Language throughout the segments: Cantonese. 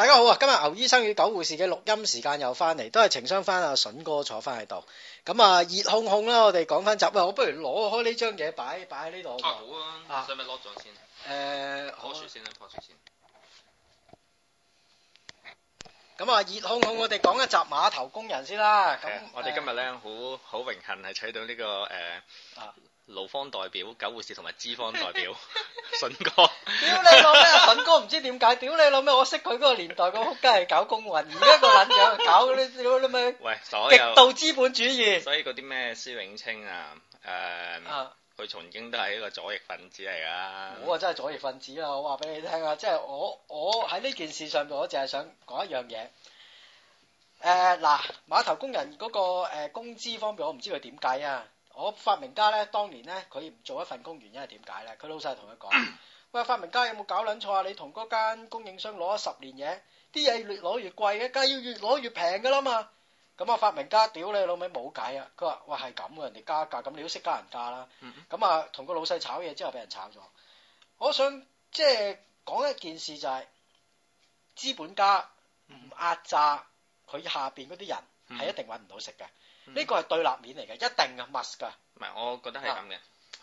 大家好啊！今日牛醫生與狗護士嘅錄音時間又翻嚟，都係情商翻阿筍哥坐翻喺度。咁啊，熱烘烘啦！我哋講翻集，啊，我不如攞開呢張嘢擺擺喺呢度。好啊，使咪攞咗先？誒 post 先啦 post 先。咁啊，熱烘烘，我哋講一集碼頭工人先啦。咁、啊，我哋今日咧、呃、好好榮幸係取到呢、呢個誒。呃啊勞方代表、狗護士同埋資方代表，順哥。屌你老咩？順哥唔知點解？屌你老咩？我識佢嗰個年代個仆街係搞工運，而家個捻樣搞你屌你咩喂，極度資本主義。所以嗰啲咩施永青啊，誒，佢曾經都係一個左翼分子嚟噶。我真係左翼分子啦！我話俾你聽啊，即係我我喺呢件事上面，我淨係想講一樣嘢。誒，嗱，碼頭工人嗰個誒工資方面，我唔知佢點計啊。我發明家咧，當年咧，佢唔做一份工，原因係點解咧？佢老細同佢講， 喂，發明家有冇搞撚錯啊？你同嗰間供應商攞咗十年嘢，啲嘢越攞越貴嘅，梗係要越攞越平噶啦嘛。咁啊，發明家，屌你老味冇計啊！佢話，喂，係咁噶，人哋加價，咁你都識加人價啦。咁啊，同 個老細炒嘢之後，俾人炒咗。我想即係講一件事就係是，資本家唔壓榨，佢下邊嗰啲人係一定搵唔到食嘅。呢個係對立面嚟嘅，一定嘅 must 㗎。唔係，我覺得係咁嘅，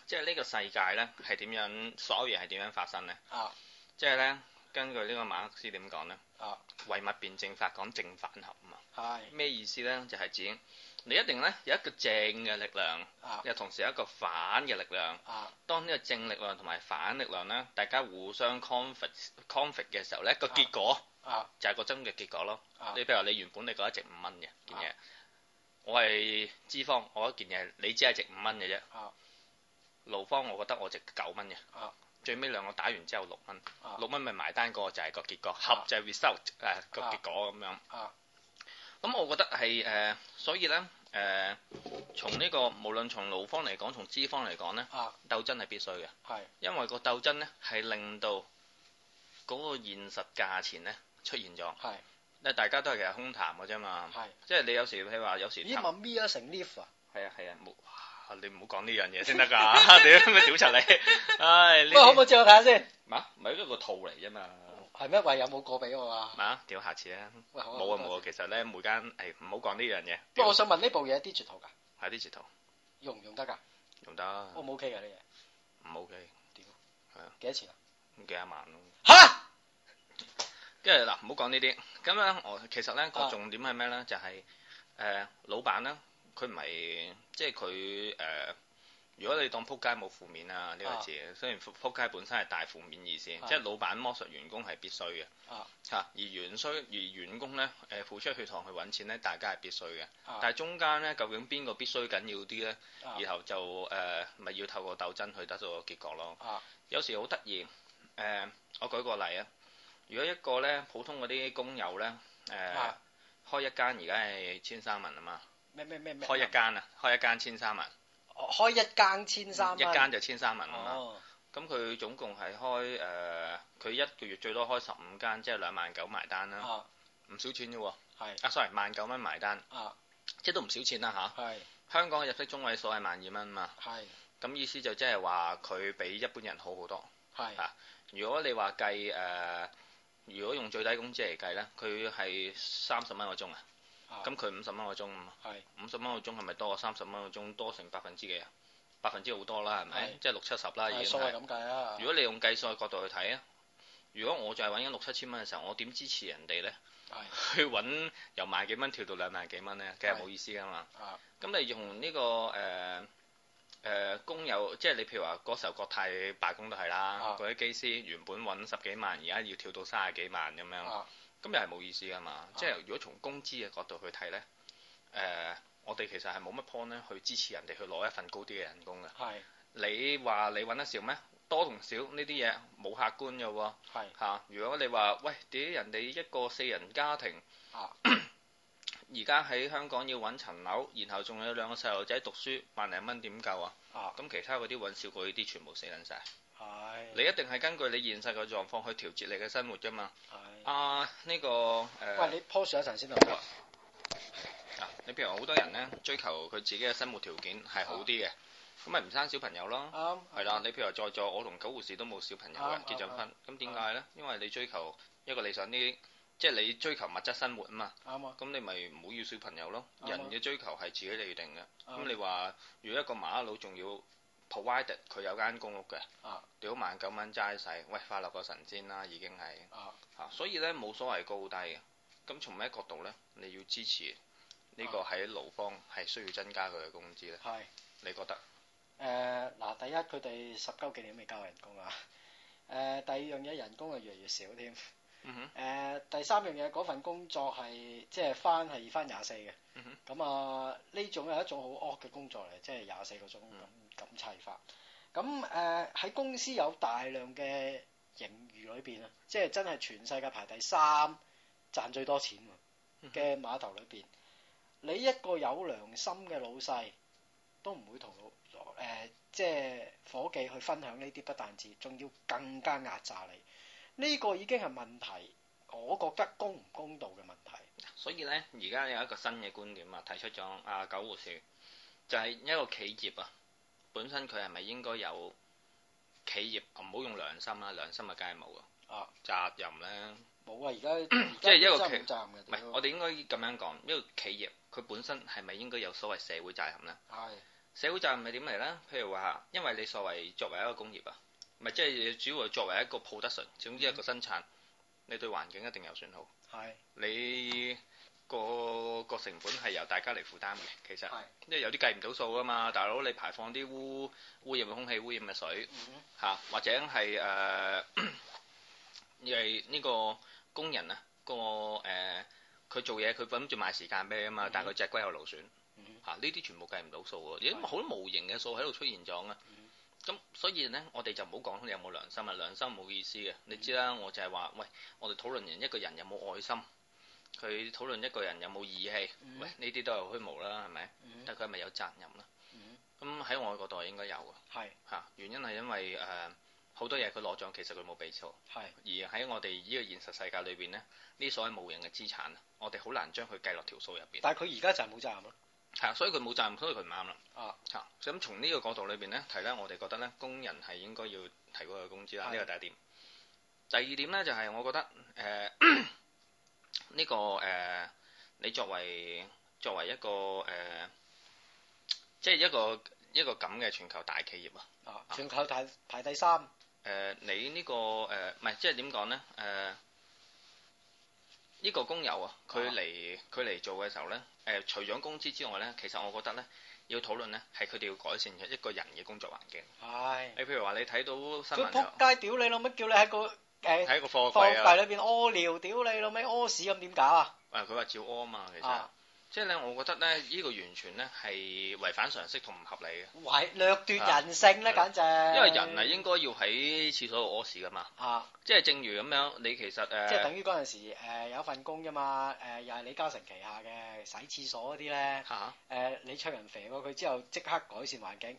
即係呢個世界咧係點樣？所有嘢係點樣發生咧？啊，即係咧，根據呢個馬克思點講咧？啊，唯物辯證法講正反合啊嘛。係咩意思咧？就係指你一定咧有一個正嘅力量，又同時有一個反嘅力量。啊，當呢個正力量同埋反力量咧，大家互相 conflict conflict 嘅時候咧，個結果啊就係個真嘅結果咯。啊，你譬如話你原本你覺得值五蚊嘅件嘢。我係資方，我一件嘢，你只係值五蚊嘅啫。啊，勞方我覺得我值九蚊嘅。最尾兩個打完之後六蚊，六蚊咪埋單個就係個結果，合就 result，誒個結果咁樣。啊，咁我覺得係誒，所以呢，誒，從呢個無論從勞方嚟講，從資方嚟講呢，啊，鬥爭係必須嘅。係，因為個鬥爭呢係令到嗰個現實價錢呢出現咗。係。大家都係其實空談嘅啫嘛，係，即係你有時譬如話有時，咦？咪咪啊成 lift 啊？係啊係啊，冇，你唔好講呢樣嘢先得噶，點樣屌柒你？唉，你可唔可以借我睇下先？嘛，咪一個套嚟啫嘛。係咩？有冇個俾我啊？嘛，屌下次啊，冇啊冇啊，其實咧每間誒唔好講呢樣嘢。不過我想問呢部嘢 digital 噶？係 digital。用唔用得噶？用得。我唔 OK 嘅呢嘢。唔 OK，屌，幾多錢啊？咁幾萬咯。吓！跟住嗱，唔好講呢啲，咁樣，我其實咧個重點係咩咧？就係、是、誒、呃、老闆咧，佢唔係即係佢誒。如果你當撲街冇負面啊呢個字，雖然撲撲街本身係大負面意思，啊、即係老闆剝削員工係必須嘅嚇，啊、而員工而員工咧誒付出血糖去揾錢咧，大家係必須嘅。但係中間咧，究竟邊個必須緊要啲咧？然後就誒咪、呃、要透過鬥爭去得到個結果咯。啊、有時好得意誒，我舉個例，呃、舉個例啊。啊啊如果一個咧普通嗰啲工友咧，誒開一間而家係千三文啊嘛，咩咩咩咩？開一間啊，開一間千三蚊。開一間千三文，一間就千三蚊啦。咁佢總共係開誒，佢一個月最多開十五間，即係兩萬九埋單啦，唔少錢啫。係啊，sorry，萬九蚊埋單，即係都唔少錢啦吓，係香港嘅入息中位數係萬二蚊啊嘛。係咁意思就即係話佢比一般人好好多。係啊，如果你話計誒。如果用最低工資嚟計呢，佢係三十蚊個鐘啊，咁佢五十蚊個鐘啊，五十蚊個鐘係咪多過三十蚊個鐘多成百分之幾啊？百分之好多啦，係咪？是 即係六七十啦，已經係。咁計啊！后如果你用計數嘅角度去睇啊，如果我就係揾緊六七千蚊嘅時候，我點支持人哋呢？是 去揾由萬幾蚊跳到兩萬幾蚊呢？梗係冇意思噶嘛。咁是、啊、你用呢、這個誒？呃誒、呃、工友即係你譬如話嗰時候國泰嘅罷工都係啦，嗰啲、啊、機師原本揾十幾萬，而家要跳到三十幾萬咁樣，咁又係冇意思㗎嘛。啊、即係如果從工資嘅角度去睇呢，誒、呃、我哋其實係冇乜 point 咧去支持人哋去攞一份高啲嘅人工嘅。係是你話你揾得少咩？多同少呢啲嘢冇客觀嘅喎、啊。係是、啊、如果你話喂，屌人哋一個四人家庭。啊。而家喺香港要揾層樓，然後仲有兩個細路仔讀書，萬零蚊點夠啊？咁其他嗰啲揾少過呢啲，全部死撚晒。係。你一定係根據你現實嘅狀況去調節你嘅生活噶嘛？啊，呢個誒。喂，你 post 一陣先好啊。啊，你譬如話好多人呢，追求佢自己嘅生活條件係好啲嘅，咁咪唔生小朋友咯？啱。係啦，你譬如話在座，我同九護士都冇小朋友嘅，結咗婚。咁點解呢？因為你追求一個理想啲。即係你追求物質生活啊嘛，咁、啊、你咪唔好要小朋友咯。啊、人嘅追求係自己嚟定嘅，咁、啊、你話如果一個麻甩佬仲要 provide 佢有間公屋嘅，屌萬九蚊齋使，喂快樂過神仙啦已經係，嚇、啊啊、所以咧冇所謂高低嘅。咁從咩角度咧，你要支持呢、呢個喺勞方係需要增加佢嘅工資咧？係、啊，你覺得？誒嗱、呃，第一佢哋十九幾年未交人工啊，誒第二樣嘢人工係越嚟越，越少添。誒、嗯呃、第三樣嘢，嗰份工作係即係翻係翻廿四嘅，咁、嗯、哼 啊呢種係一種好惡嘅工作嚟，即係廿四個鐘咁砌法。咁誒喺公司有大量嘅盈餘裏邊啊，即係真係全世界排第三賺最多錢嘅碼頭裏邊，嗯、哼 你一個有良心嘅老細都唔會同老誒即係伙計去分享呢啲，不但止，仲要更加壓榨你。呢個已經係問題，我覺得公唔公道嘅問題。所以呢，而家有一個新嘅觀點啊，提出咗阿、啊、九護士，就係、是、一個企業啊，本身佢係咪應該有企業唔好、哦、用良心啊，良心咪梗係冇啊責任呢？冇啊，而家、嗯、即係一個企業責任我哋應該咁樣講，一個企業佢本身係咪應該有所謂社會責任呢？係、啊、社會責任係點嚟呢？譬如話，因為你所謂作為一個工業啊。咪即係主要係作為一個 production，總之一個生產，嗯、你對環境一定有損耗。係是你個個成本係由大家嚟負擔嘅，其實，是因為有啲計唔到數㗎嘛，大佬你排放啲污污染嘅空氣、污染嘅水，嚇、嗯嗯啊、或者係誒、呃，因為呢個工人啊個誒，佢、呃、做嘢佢諗住買時間畀你吖嘛，但係佢隻龜有勞損，嚇呢啲全部計唔到數嘅，因為好多無形嘅數喺度出現咗啊。嗯嗯。咁、嗯、所以咧，我哋就唔好講你有冇良心啊，良心冇意思嘅。你知啦，嗯、我就係話，喂，我哋討論完一個人有冇愛心，佢討論一個人有冇義氣，嗯、喂，呢啲都係虛無啦，係咪？嗯、但係佢係咪有責任咧、啊？咁喺外國度應該有㗎，係嚇是、啊。原因係因為誒好、呃、多嘢佢攞獎，其實佢冇俾錯，係是。而喺我哋呢個現實世界裏邊呢，呢所謂無形嘅資產，我哋好難將佢計落條數入邊。但係佢而家就係冇責任咯。係、啊啊、所以佢冇責任，所以佢唔啱啦。啊，嚇！咁從呢個角度裏邊咧睇咧，提我哋覺得咧工人係應該要提高佢工資啦。呢、啊、個第一點。的第二點咧就係、是、我覺得誒呢、呃這個誒、呃、你作為作為一個誒、呃，即係一個一個咁嘅全球大企業啊！啊，全球大、啊、排第三。誒、呃，你、這個呃、呢個誒唔係即係點講咧？誒、呃。呃呢個工友啊，佢嚟佢嚟做嘅時候咧，誒、呃、除咗工資之外咧，其實我覺得咧，要討論咧係佢哋要改善一個人嘅工作環境。係、哎。你譬如話你睇到新聞，佢撲街屌你老母，叫你喺個誒，喺個貨櫃裏邊屙尿屌你老母，屙屎咁點搞啊？啊！佢話、啊、照屙啊嘛，其實。啊即係咧，我覺得咧，呢個完全咧係違反常識同唔合理嘅，違掠奪人性咧，啊、簡直正。因為人係應該要喺廁所度屙屎噶嘛。啊！即係正如咁樣，你其實誒、呃、即係等於嗰陣時誒、呃、有份工啫嘛，誒、呃、又係李嘉誠旗下嘅洗廁所嗰啲咧。吓、啊！誒、呃，你出人肥佢之後即刻改善環境。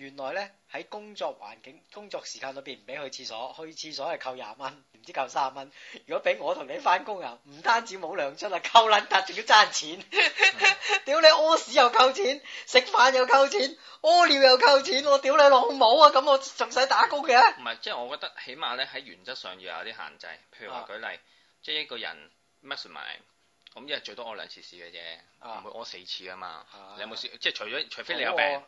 原來咧喺工作環境、工作時間裏邊唔俾去廁所，去廁所係扣廿蚊，唔知扣卅蚊。如果俾我同你翻工啊，唔單止冇糧出啊，扣撚撻仲要爭錢。 嗯、 屌你屙屎又扣錢，食飯又扣錢，屙尿又扣錢，我屌你老母啊！咁我仲使打工嘅？唔係，即係我覺得起碼咧喺原則上要有啲限制，譬如話舉例，啊、即係一個人 must 埋。咁一日最多屙兩次屎嘅啫，唔、啊、會屙四次㗎嘛。啊、你有冇試？即係除咗除非你有病，嗱、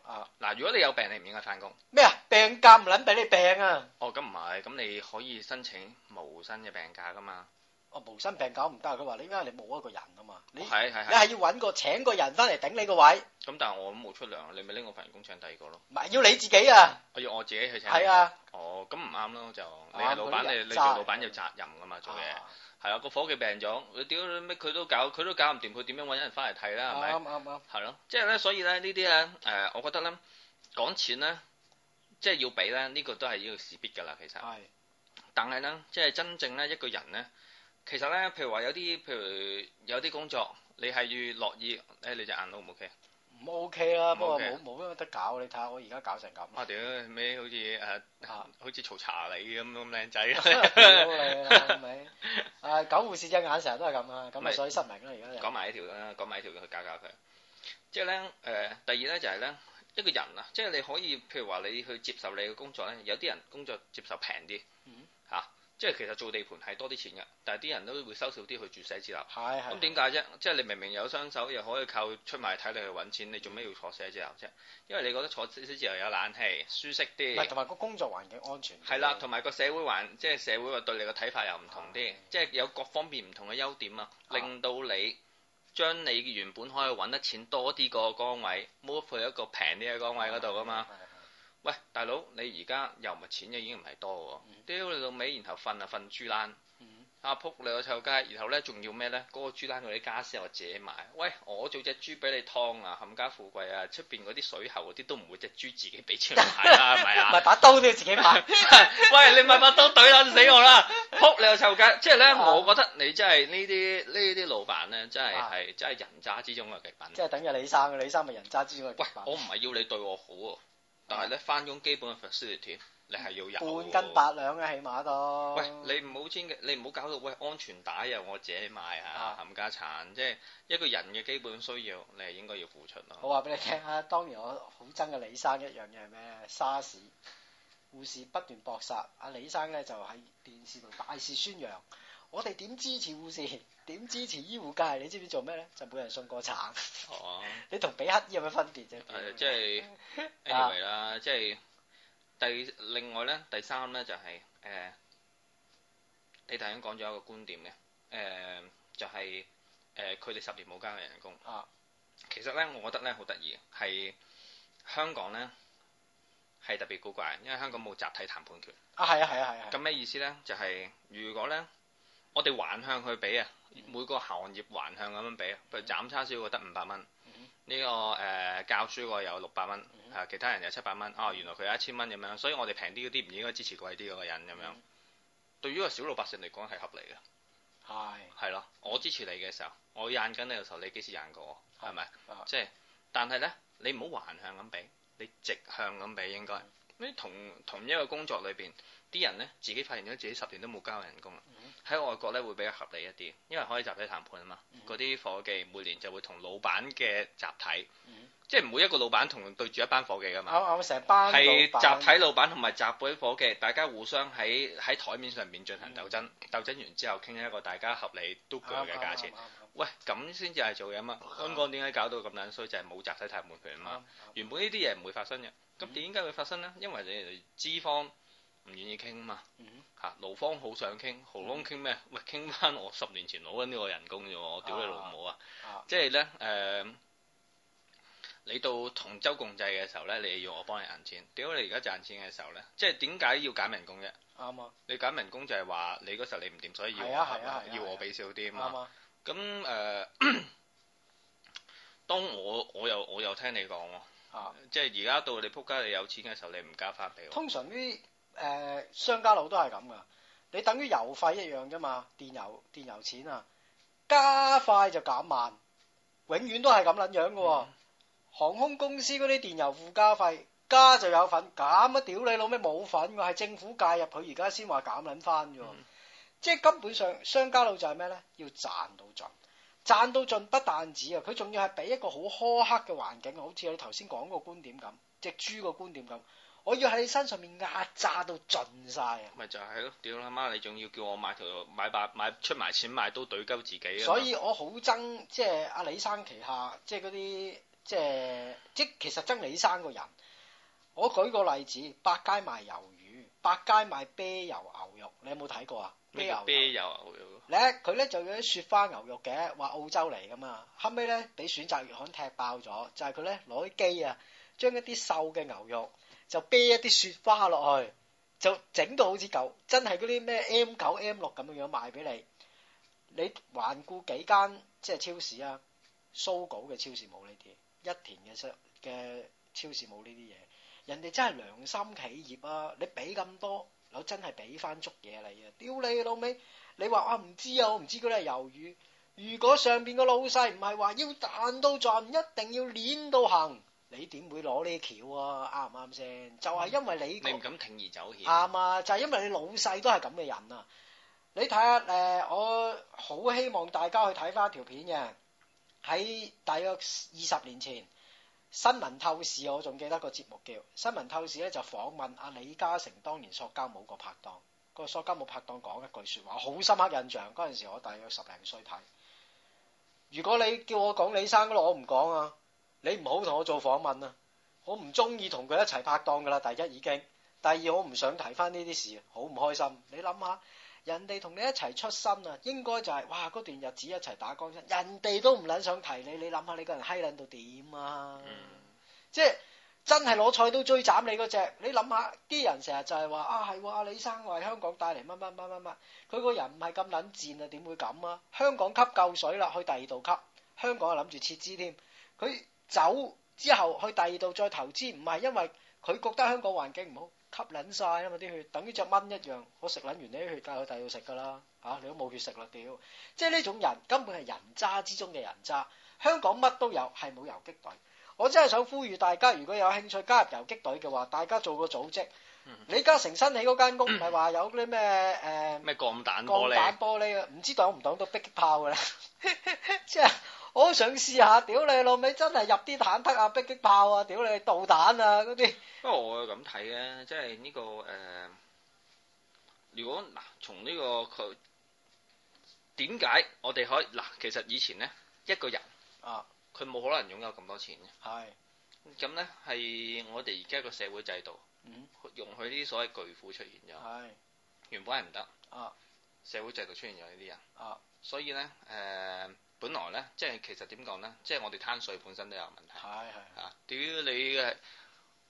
啊、如果你有病，你唔應該返工。咩啊？病假唔撚俾你病啊？哦，咁唔係，咁你可以申請無薪嘅病假㗎嘛。哦，無薪病搞唔得，佢話你點解你冇一個人啊嘛，你你係要揾個請個人翻嚟頂你個位。咁但係我冇出糧，你咪拎個份工請第二個咯。唔係要你自己啊！我要我自己去請。係啊。哦，咁唔啱咯，就你係老闆，你你做老闆有責任噶嘛，做嘢係啊。個夥計病咗，你屌咩？佢都搞佢都搞唔掂，佢點樣揾人翻嚟睇啦？係咪？啱啱啱。係咯，即係咧，所以咧呢啲咧誒，我覺得咧講錢咧，即係要俾咧，呢個都係要事必噶啦，其實。係。但係呢，即係真正咧，一個人咧。其實咧，譬如話有啲，譬如有啲工作，你係要樂意，誒，你隻眼好唔 OK 唔 OK 啦，不過冇冇咩得搞，你睇下我而家搞成咁。我屌尾好似誒，好似嘈茶你咁咁靚仔，真係咪？誒、啊，狗護士隻眼成日都係咁啊，咁咪所以失明啦而家。講埋呢條啦，講埋呢條去搞搞佢。即係咧，誒、呃，第二咧就係、是、咧，一個人啊，即、就、係、是、你可以，譬如話你去接受你嘅工作咧，有啲人，人工作接受平啲，吓、嗯。即係其實做地盤係多啲錢㗎，但係啲人都會收少啲去住寫字樓。係係。咁點解啫？即係你明明有雙手，又可以靠出賣體力去揾錢，你做咩要坐寫字樓啫？因為你覺得坐寫字樓有冷氣，舒適啲。唔係，同埋個工作環境安全。係啦的，同埋個社會環，即係社會對你嘅睇法又唔同啲，係係，即係有各方面唔同嘅優點啊，係係，令到你將你原本可以揾得錢多啲個崗位，move 去一個平啲嘅崗位嗰度㗎嘛。喂，大佬，你而家又唔係錢就已經唔係多喎。屌你老味，然後瞓啊瞓豬欄，啊撲你個臭街。然後咧仲要咩咧？嗰個豬欄嗰啲傢俬我自己買。喂，我做隻豬俾你劏啊，冚家富貴啊！出邊嗰啲水喉嗰啲都唔會隻豬自己俾錢買啦，係咪啊？唔係，把刀都要自己買。喂，你咪把刀懟撚死我啦！撲你個臭街！即係咧，我覺得你真係呢啲呢啲老闆咧，真係係真係人渣之中嘅極品。即係等於你生嘅，你生咪人渣之中嘅極品。喂，我唔係要你對我好。但係咧，翻工基本嘅 facility 你係要有半斤八兩嘅、啊、起碼都，喂，你唔好簽嘅，你唔好搞到喂，安全帶又我自己買啊冚、啊、家鏟，即係一個人嘅基本需要你係應該要付出咯。我話俾你聽啊，當年我好憎嘅李生一樣嘢係咩？沙士護士不斷搏殺，阿李生咧就喺電視同大肆宣揚，我哋點支持護士？點支持醫護界？你知唔知做咩咧？就冇人送過橙。哦 Oh. 你同比克衣有咩分別啫？誒、 啊，即係，Anyway 啦，即係第另外咧，第三咧就係、是、誒，你頭先講咗一個觀點嘅，誒、呃，就係、是、誒，佢、呃、哋十年冇加嘅人工。啊。其實咧，我覺得咧好得意，係香港咧係特別古怪，因為香港冇集體談判權。啊，係啊，係啊，係啊。咁咩意思咧？就係、是、如果咧？我哋橫向去俾啊，每個行業橫向咁樣比，譬如斬叉燒，這個得五百蚊，呢個誒教書個有六百蚊，啊，其他人有七百蚊，啊、哦、原來佢有一千蚊咁樣，所以我哋平啲嗰啲唔應該支持貴啲嗰個人咁樣。嗯、對於個小老百姓嚟講係合理嘅。係係咯，我支持你嘅時候，我贏緊你嘅時候，你幾時贏過我？係咪？即係、就是，但係呢，你唔好橫向咁俾，你直向咁俾應該。所以同同一個工作裏邊，啲人呢，自己發現咗自己十年都冇加人工啦。喺外國呢，會比較合理一啲，因為可以集體談判啊嘛。嗰啲伙計每年就會同老闆嘅集體，即係每一個老闆同對住一班伙計噶嘛。係集體老闆同埋集會伙計，大家互相喺喺台面上面進行鬥爭，鬥爭完之後傾一個大家合理都頸嘅價錢。喂，咁先至係做嘢啊嘛？香港點解搞到咁撚衰？就係冇集體談判權啊嘛。原本呢啲嘢唔會發生嘅。咁點解會發生呢？因為你哋資方唔願意傾啊嘛，嚇！勞方好想傾，豪方傾咩？喂，傾翻我十年前攞緊呢個人工啫喎！我屌你老母啊！即係呢，誒，你到同舟共濟嘅時候呢，你要我幫你揾錢。屌你而家賺錢嘅時候呢，即係點解要揀人工啫？啱啊！你揀人工就係話你嗰時候你唔掂，所以要我係要我俾少啲啊嘛？咁誒，當我我又我又聽你講啊！即係而家到你撲街，你有錢嘅時候，你唔加翻俾我。通常啲誒、呃、商家佬都係咁噶，你等於油費一樣啫嘛，電油電油錢啊，加快就減慢，永遠都係咁撚樣噶，啊。嗯、航空公司嗰啲電油附加費，加就有份，減啊屌你老味冇份㗎，係政府介入佢而家先話減撚翻啫。嗯、即係根本上商家佬就係咩咧？要賺到盡。賺到盡不但止啊！佢仲要係俾一個好苛刻嘅環境啊，好似你頭先講個觀點咁，隻豬個觀點咁，我要喺你身上面壓榨到盡晒啊。咪就係咯，屌阿媽，你仲要叫我買條買把買，買，買出埋錢買刀對鳩自己啊！所以我好憎即係阿李生旗下即係嗰啲即係即，即其實憎李生個人。我舉個例子：百佳賣魷魚，百佳賣啤油牛肉，你有冇睇過啊？啤油啊！啤油牛肉咧，佢咧就有啲雪花牛肉嘅，話澳洲嚟噶嘛，後尾咧俾選擇月刊踢爆咗，就係佢咧攞啲機啊，將一啲瘦嘅牛肉就啤一啲雪花落去，就整到好似嚿真係嗰啲咩 M 九 M 六咁嘅樣賣俾你。你環顧幾間即係超市啊，SOGO 嘅超市冇呢啲，一田嘅商嘅超市冇呢啲嘢，人哋真係良心企業啊！你俾咁多。我真係俾翻捉嘢你啊！屌你老味！你話我唔知啊，我唔知佢係魷魚。如果上邊個老細唔係話要彈到盡，一定要碾到行，你點會攞呢橋啊？啱唔啱先？嗯、就係因為你、這個，你唔敢鋌而走險。啱啊！就係、是、因為你老細都係咁嘅人啊！你睇下誒，我好希望大家去睇翻條片嘅，喺大約二十年前。新聞透視，我仲記得個節目叫新聞透視咧，就訪問阿、啊、李嘉誠當年塑膠冇個拍檔，個塑膠冇拍檔講一句說話，好深刻印象。嗰陣時我大約十零歲睇。如果你叫我講李生嗰，我唔講啊！你唔好同我做訪問啊！我唔中意同佢一齊拍檔噶啦，第一已經，第二我唔想提翻呢啲事，好唔開心。你諗下。人哋同你一齊出身啊，應該就係、是、哇嗰段日子一齊打江山，人哋都唔捻想提你，你諗下你個人嗨捻到點啊？嗯、即係真係攞菜刀追斬你嗰隻，你諗下啲人成日就係話啊係阿、啊、李生為香港帶嚟乜乜乜乜乜，佢個人唔係咁捻賤啊，點會咁啊？香港吸夠水啦，去第二度吸，香港啊諗住撤資添，佢走之後去第二度再投資，唔係因為佢覺得香港環境唔好。吸捻晒啊嘛啲血，等於隻蚊一樣，我食捻完啲血，帶去第二度食噶啦，吓、啊、你都冇血食啦，屌！即係呢種人根本係人渣之中嘅人渣。香港乜都有，係冇游擊隊。我真係想呼籲大家，如果有興趣加入游擊隊嘅話，大家做個組織。李嘉誠新起嗰間屋，唔係話有啲咩誒咩鋼彈玻璃玻璃啊？唔知擋唔擋到迫擊炮噶啦？ 即係。我想試下，屌你老味，真係入啲坦克啊、迫擊炮啊，屌你導彈啊嗰啲。不過我係咁睇嘅，即係呢、這個誒、呃，如果嗱從呢個佢點解我哋可以嗱，其實以前咧一個人啊，佢冇可能擁有咁多錢係咁咧，係是 我哋而家個社會制度容許呢啲所謂巨富出現咗。係是 原本係唔得啊，社會制度出現咗、啊啊、呢啲人啊，所以咧誒。本來咧，即係其實點講咧，即係我哋攤稅本身都有問題。係係是是、啊。嚇屌你嘅，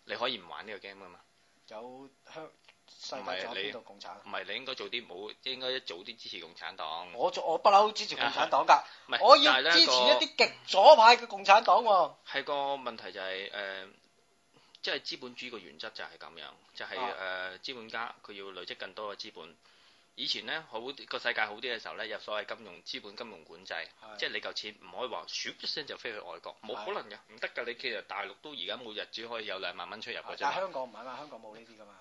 你可以唔玩呢個 game 噶嘛？有香新民主呢度共產？唔係你，你應該做啲唔好，應該一早啲支持共產黨。我做我不嬲支持共產黨㗎， 我要支持一啲極左派嘅共產黨喎、啊。係個問題就係、是、誒、呃，即係資本主義個原則就係咁樣，就係誒資本家佢要累積更多嘅資本。以前咧，好個世界好啲嘅時候咧，有所謂金融資本、金融管制，是的 即係你嚿錢唔可以話咻一聲就飛去外國，冇可能㗎，唔得㗎。你其實大陸都而家每日只可以有兩萬蚊出入㗎啫。但係香港唔係嘛？香港冇呢啲㗎嘛？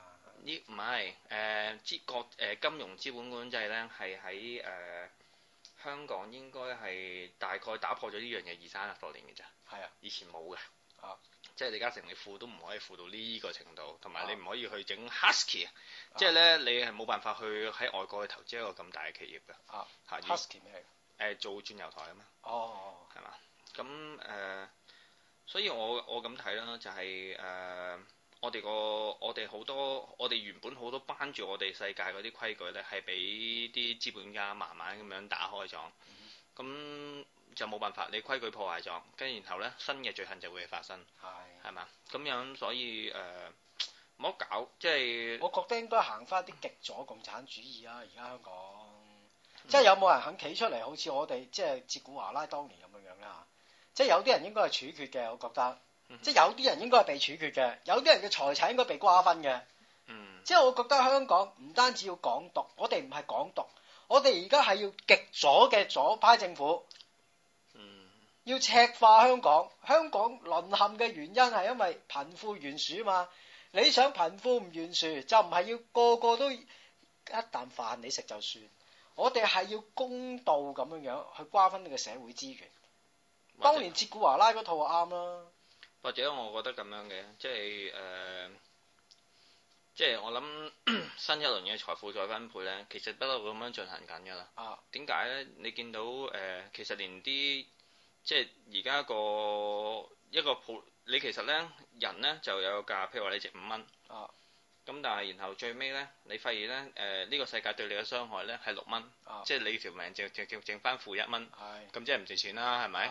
呢唔係誒資國誒、呃、金融資本管制咧，係喺誒香港應該係大概打破咗呢樣嘢二三十多年嘅咋。係啊，以前冇嘅。啊。即係李嘉誠，你富都唔可以富到呢個程度，同埋你唔可以去整 Husky、啊、即係咧你係冇辦法去喺外國去投資一個咁大嘅企業㗎。啊，Husky 咩嚟以、呃？做鑽油台啊嘛。哦哦。係、哦、嘛？咁誒、呃，所以我我咁睇啦，就係、是、誒、呃，我哋個我哋好多我哋原本好多綁住我哋世界嗰啲規矩咧，係俾啲資本家慢慢咁樣打開咗。咁、嗯哼。就冇辦法，你規矩破壞咗，跟住然後咧，新嘅罪行就會發生，係係嘛咁樣，所以誒唔好搞，即係我覺得應該行翻啲極左共產主義啊。而家香港、嗯、即係有冇人肯企出嚟，好似我哋即係哲古華拉當年咁樣樣啦。即係有啲人應該係處決嘅，我覺得、嗯、即係有啲人應該係被處決嘅，有啲人嘅財產應該被瓜分嘅。嗯，即係我覺得香港唔單止要港獨，我哋唔係港獨，我哋而家係要極左嘅左派政府。要赤化香港，香港淪陷嘅原因係因為貧富懸殊嘛？你想貧富唔懸殊，就唔係要個個都一啖飯你食就算。我哋係要公道咁樣樣去瓜分你嘅社會資源。或者當年捷古華拉嗰套就啱啦。或者我覺得咁樣嘅，即係誒、呃，即係我諗 新一輪嘅財富再分配咧，其實不嬲咁樣進行緊噶啦。啊？點解咧？你見到誒、呃，其實連啲……即係而家個一個鋪，你其實咧人咧就有個價，譬如話你值五蚊，啊，咁但係然後最尾咧，你發現咧誒呢個世界對你嘅傷害咧係六蚊，即係你條命就淨淨淨翻負一蚊，係，咁即係唔值錢啦，係咪？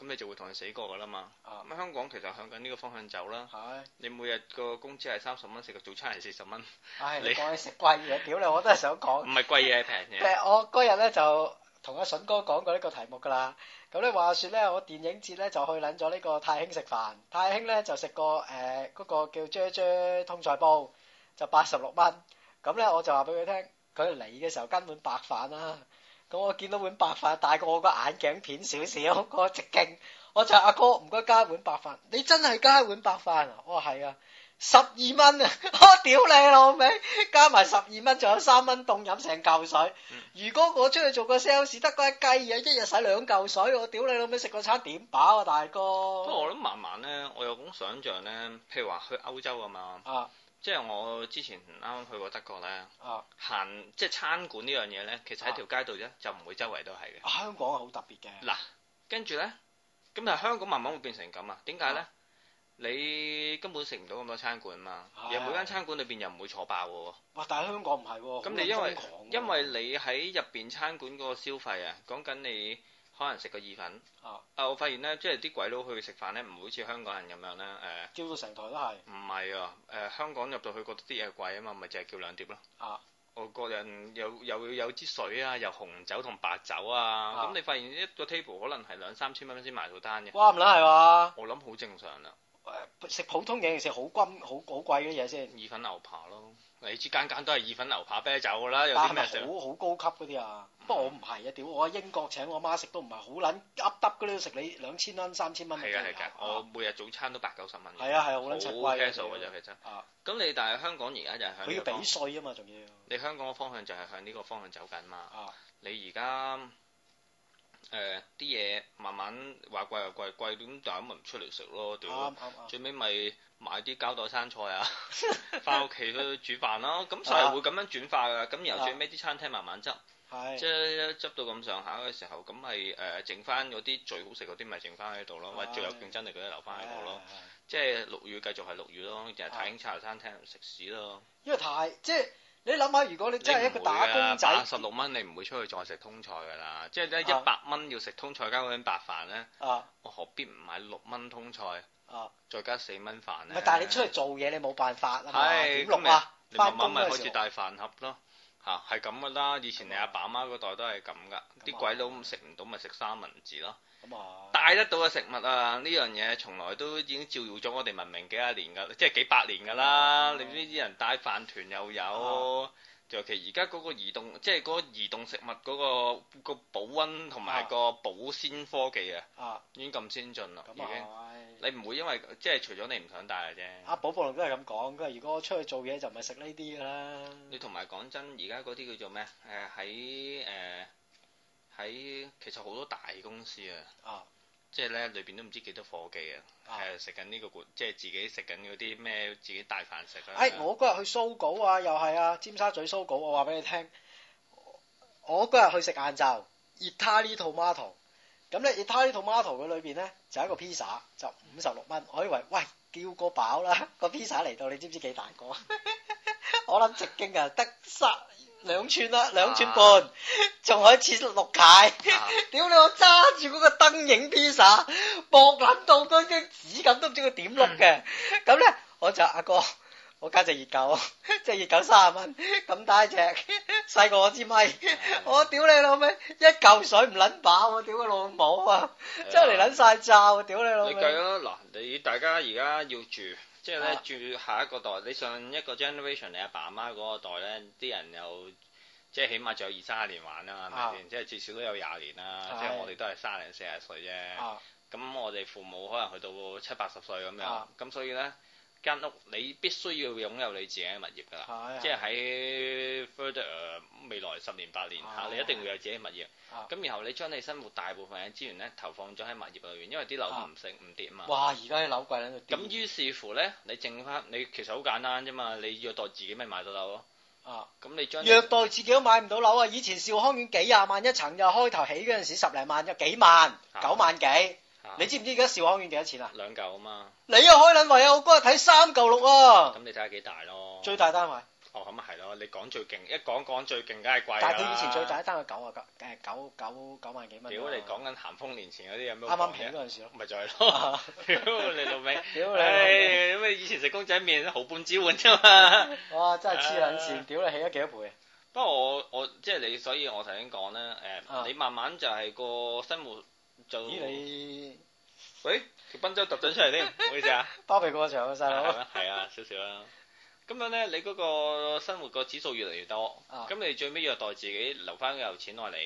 咁你就會同人死過噶啦嘛，咁香港其實向緊呢個方向走啦，係，你每日個工資係三十蚊，食個早餐係四十蚊，唉，你食貴嘢，屌你，我都係想講，唔係貴嘢係平嘢，誒，我日咧就。同阿筍哥講過呢個題目㗎啦，咁咧話説咧，我電影節咧就去撚咗呢個太興食飯，太興咧就食個誒嗰個叫啫啫通菜煲，就八十六蚊。咁咧我就話俾佢聽，佢嚟嘅時候跟碗白飯啦、啊。咁我見到碗白飯大過我個眼鏡片少少，我、嗰個、直徑，我就話阿哥唔該加一碗白飯。你真係加一碗白飯啊！我話係啊。十二蚊啊！我屌你老味， 加埋十二蚊，仲有三蚊凍飲成嚿水。嗯、如果我出去做個 sales，得嗰一雞嘢，一日使兩嚿水，我屌你老味，食個餐點飽啊，大哥。不過我諗慢慢咧，我有咁想象咧，譬如話去歐洲啊嘛，啊，即係我之前啱啱去過德國咧，啊，行即係餐館呢樣嘢咧，其實喺條街度啫，啊，就唔會周圍都係嘅，啊。香港係好特別嘅。嗱、啊，跟住咧，咁但係香港慢慢會變成咁啊？點解咧？你根本食唔到咁多餐館嘛？是啊、而每間餐館裏邊又唔會坐爆喎。哇！但係香港唔係喎，咁你因為因為你喺入邊餐館嗰個消費啊，講緊你可能食個意粉啊，啊。我發現呢，即係啲鬼佬去食飯呢，唔會好似香港人咁樣咧。誒、呃，叫到成台都係唔係啊？誒、呃，香港入到去覺得啲嘢貴啊嘛，咪淨係叫兩碟咯。啊我個人有！外國人又又有，有，有支水啊，又紅酒同白酒啊。咁、啊啊、你發現一個 table 可能係兩三千蚊先埋到單嘅。哇！唔撚係嘛？我諗好正常啦、啊。食普通嘢食好均好好貴嘅嘢先？意粉牛扒咯，你知間間都係意粉牛扒啤酒噶啦，有啲咩？包好好高級嗰啲啊！嗯、不過我唔係啊，屌我喺英國請我媽食都唔係好撚噏噏嗰啲食，你兩千蚊三千蚊嘅係啊係㗎，我每日早餐都百九十蚊。係啊係啊，好撚貴。好 casual 啫，其實。啊。咁你但係香港而家就向佢要俾稅啊嘛，仲要。你香港嘅方向就係向呢個方向走緊嘛。啊。啊、你而家？誒，啲嘢、呃、慢慢話貴又貴，貴到咁，大家咪唔出嚟食咯，屌、嗯！最尾咪買啲膠袋生菜啊，翻屋企去煮飯咯，咁就係會咁樣轉化噶，咁然後最尾啲餐廳慢慢執，啊啊、即係執到咁上下嘅時候，咁咪誒剩翻嗰啲最好食嗰啲咪剩翻喺度咯，或最有競爭力嗰啲留翻喺度咯，即係落雨繼續係落雨咯，淨係太興茶餐廳食屎咯，因為太，即係。你諗下，如果你真係一個打工仔，十六蚊你唔會出去再食通菜噶啦，即係咧一百蚊要食通菜加嗰啲白飯咧，啊、我何必唔買六蚊通菜？啊，再加四蚊飯咧。但係你出去做嘢，你冇辦法啊嘛，六是啊？翻工嗰陣時，你咪開始帶飯盒咯，嚇，係咁噶啦。以前你阿爸阿媽嗰代都係咁噶，啲鬼佬食唔到咪食三文治咯。咁帶得到嘅食物啊，呢樣嘢從來都已經照耀咗我哋文明幾廿年㗎，即係幾百年㗎啦。嗯、你呢啲人帶飯團又有，尤、嗯、其而家嗰個移動，即係嗰個移動食物嗰、那個嗯、個保溫同埋個保鮮科技啊，嗯、已經咁先進啦。已經你唔會因為即係除咗你唔想帶嘅啫。阿寶寶龍都係咁講，佢如果我出去做嘢就唔係食呢啲㗎啦。你同埋講真，而家嗰啲叫做咩啊？喺、呃、誒。喺其實好多大公司啊，即係咧裏邊都唔知幾多夥計啊，誒食緊呢個管，即、就、係、是、自己食緊嗰啲咩自己帶飯食。誒、哎，的我嗰日去蘇稿啊，又係啊，尖沙咀蘇稿。我話俾你聽，我嗰日去食晏晝，Italian Tomato 呢套 menu，咁咧 Italian Tomato 呢套 menu 嘅裏邊咧就是、一個 pizza，就五十六蚊，我以為喂叫個飽啦，個 pizza 嚟到你知唔知幾大個？ 我諗直徑啊，得三。兩寸啦，兩寸半，仲可以切六解。屌你，我揸住嗰個燈影披薩，薄捻到張紙咁，都唔知佢點碌嘅。咁咧，我就阿哥，我家隻熱狗，隻熱狗三十蚊，咁大隻，細過我支咪。我屌你老味，一嚿水唔捻飽，我屌你老母啊，真係嚟捻晒罩，屌你老味。的你計啊！嗱，你大家而家要住。即係咧，uh, 住下一個代，你上一個 generation，你阿爸阿媽嗰個代咧，啲人又即係起碼仲有二卅年玩啦，係咪先？即係至少都有廿年啦，uh, 即係我哋都係三零四十歲啫。咁、uh, 我哋父母可能去到七八十歲咁樣咁，所以咧。間屋你必須要擁有你自己嘅物業㗎啦，即係喺 future 未來十年八年嚇，你一定會有自己嘅物業。咁然後你將你生活大部分嘅資源咧投放咗喺物業裏邊，因為啲樓唔升唔跌啊嘛。哇！而家啲樓貴喺度。咁於是乎咧，你剩翻你其實好簡單啫嘛，你虐待自己咪買到樓咯。啊！咁你將虐待自己都買唔到樓啊！以前兆康苑幾廿萬一層，又開頭起嗰陣時十零萬，又幾萬九萬幾。你知唔知而家兆康苑幾多錢啊？兩嚿啊嘛。你又開兩圍啊？我嗰日睇三嚿六啊。咁你睇下幾大咯？最大單位。哦，咁啊係咯。你講最勁，一講講最勁，梗係貴。但係佢以前最大一單位九啊，誒，九九九萬幾蚊。屌你講緊咸豐年前嗰啲有咩？啱啱平嗰陣時咯？咪就係咯。屌你老味！屌你！咁啊以前食公仔麵，毫半子碗啫嘛。哇！真係黐捻線。屌你起咗幾多倍啊？不過我我即係你，所以我頭先講啦，誒，你慢慢就係個生活。咦你？喂，條賓州突進出嚟添，唔好意思啊。包庇過場嘅細路。係啊，少少啦。咁樣咧，你嗰個生活個指數越嚟越多，咁你最尾要代自己留翻嚿錢落嚟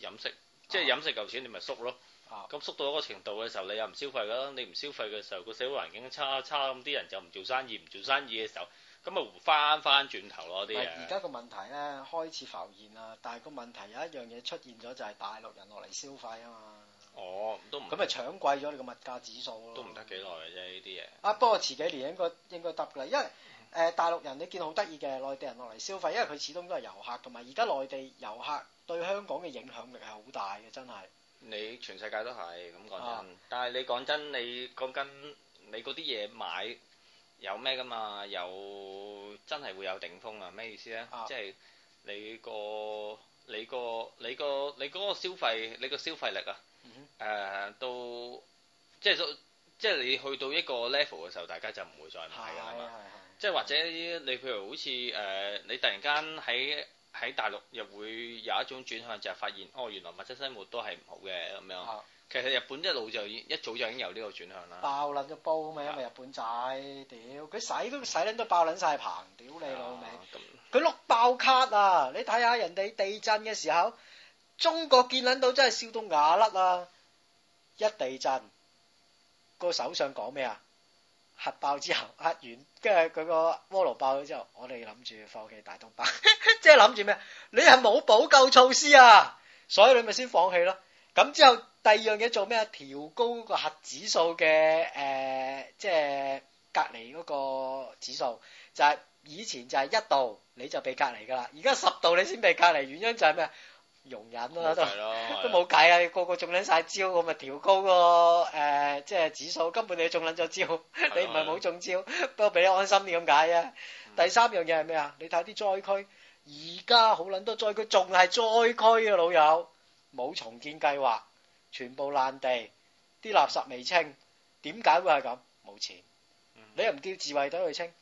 飲食，即係飲食嚿錢你咪縮咯。啊。咁縮到一個程度嘅時候，你又唔消費㗎？你唔消費嘅時候，個社會環境差差咁，啲人就唔做生意，唔做生意嘅時候，咁咪翻返轉頭咯啲嘢。而家個問題咧開始浮現啦，但係個問題有一樣嘢出現咗，就係大陸人落嚟消費啊嘛。哦，都唔咁咪搶貴咗你個物價指數咯，都唔得幾耐嘅啫呢啲嘢。啊，不過遲幾年應該應該得啦，因為誒、呃、大陸人你見好得意嘅內地人落嚟消費，因為佢始終都係遊客同埋而家內地遊客對香港嘅影響力係好大嘅，真係。你全世界都係咁講真，但係你講真，你講緊你嗰啲嘢買有咩噶嘛？有真係會有頂峯啊？咩意思咧？即係、啊、你個你個你個你嗰個消費你個消費力啊？誒，到即係即係你去到一個 level 嘅時候，大家就唔會再買啦嘛。即係或者你譬如好似誒，你突然間喺喺大陸又會有一種轉向，就係發現哦，原來物質生活都係唔好嘅咁樣。其實日本一路就已一早就已經有呢個轉向啦。爆撚個煲咩？因為日本仔，屌佢使都使撚都爆撚晒棚，屌你老味！佢碌爆卡啊！你睇下人哋地震嘅時候，中國見撚到真係笑到牙甩啊！一地震，個首相講咩啊？核爆之後核完，跟住佢個鍋爐爆咗之後，我哋諗住放棄大東北，即係諗住咩？你係冇補救措施啊，所以你咪先放棄咯。咁之後第二樣嘢做咩？調高個核指數嘅誒，即係隔離嗰個指數，就係以前就係一度你就被隔離噶啦，而家十度你先被隔離，原因就係咩？容忍咯都都冇計啊！個個中捻晒招，我咪調高個、啊、誒、呃，即係指數。根本你中捻咗招，的你唔係冇中招，的不過俾你安心啲咁解啊！嗯、第三樣嘢係咩啊？你睇下啲災區，而家好捻多災區，仲係災區啊！老友冇重建計劃，全部爛地，啲垃圾未清，點解、嗯、會係咁？冇錢，嗯、你又唔叫自衛隊去清？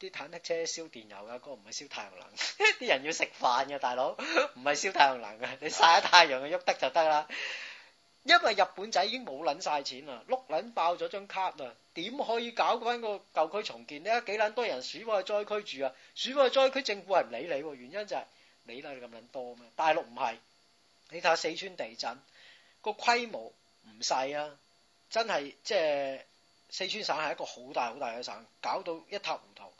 啲坦克車燒電油噶，嗰、嗰個唔係燒太陽能。啲 人要食飯嘅大佬，唔係燒太陽能噶，你曬下太陽就喐得就得啦。 因為日本仔已經冇捻晒錢啦，碌捻爆咗張卡啦，點可以搞翻個舊區重建呢？你睇幾捻多人鼠過災區住啊？鼠過災區政府係唔理你，原因就係、是、理得你咁捻多咩？大陸唔係，你睇下四川地震，個規模唔細啊！真係即係四川省係一個好大好大嘅省，搞到一塌糊塗。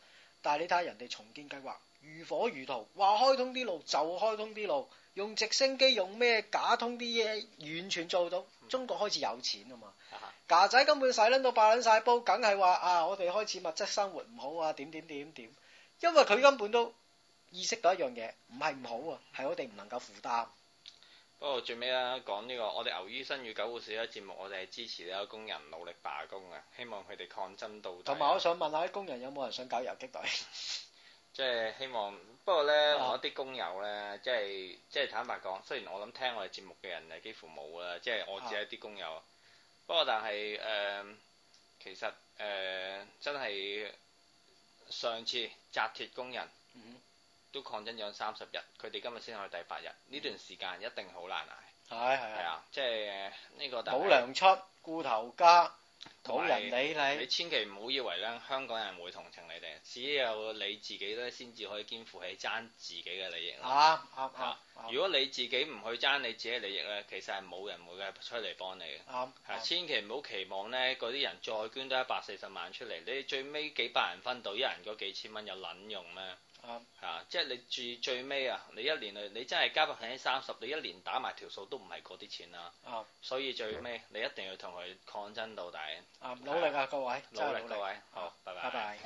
但係你睇下人哋重建計劃如火如荼，話開通啲路就開通啲路，用直升機用咩假通啲嘢，完全做到。中國開始有錢啊嘛，架、嗯、仔根本洗撚到爆撚晒煲，梗係話啊，我哋開始物質生活唔好啊，點點點點，因為佢根本都意識到一樣嘢，唔係唔好啊，係我哋唔能夠負擔。嗯嗯不過最尾啦，講呢、呢個，我哋牛醫生與狗護士呢嘅節目，我哋係支持呢個工人努力罷工嘅，希望佢哋抗爭到底。同埋我想問下，啲工人有冇人想搞游擊隊？即係 希望，不過呢，啊、我啲工友呢，即係即係坦白講，雖然我諗聽我哋節目嘅人係幾乎冇啦，即係我自己一啲工友。不過、啊、但係誒、呃，其實誒、呃、真係上次紮鐵工人。嗯都抗爭咗三十日，佢哋今日先去第八日。呢、嗯、段時間一定好難捱。係係係啊，即係呢、這個。冇糧出，顧頭家，冇人理你。你千祈唔好以為咧，香港人會同情你哋，只有你自己咧先至可以肩負起爭自己嘅利益。啱啱如果你自己唔去爭你自己嘅利益咧，其實係冇人會嘅出嚟幫你嘅。啱、啊。係、啊，千祈唔好期望咧，嗰啲人再捐多一百四十萬出嚟，你最尾幾百人分到一人嗰幾千蚊，有撚用咩？嗯、啊，即係你住最尾啊，你一年嚟，你真係加百分之三十，你一年打埋條數都唔係嗰啲錢啦。啊、嗯，所以最尾你一定要同佢抗爭到底。啊、嗯，努力啊各位，努力，努力各位，好，啊、拜拜。拜拜。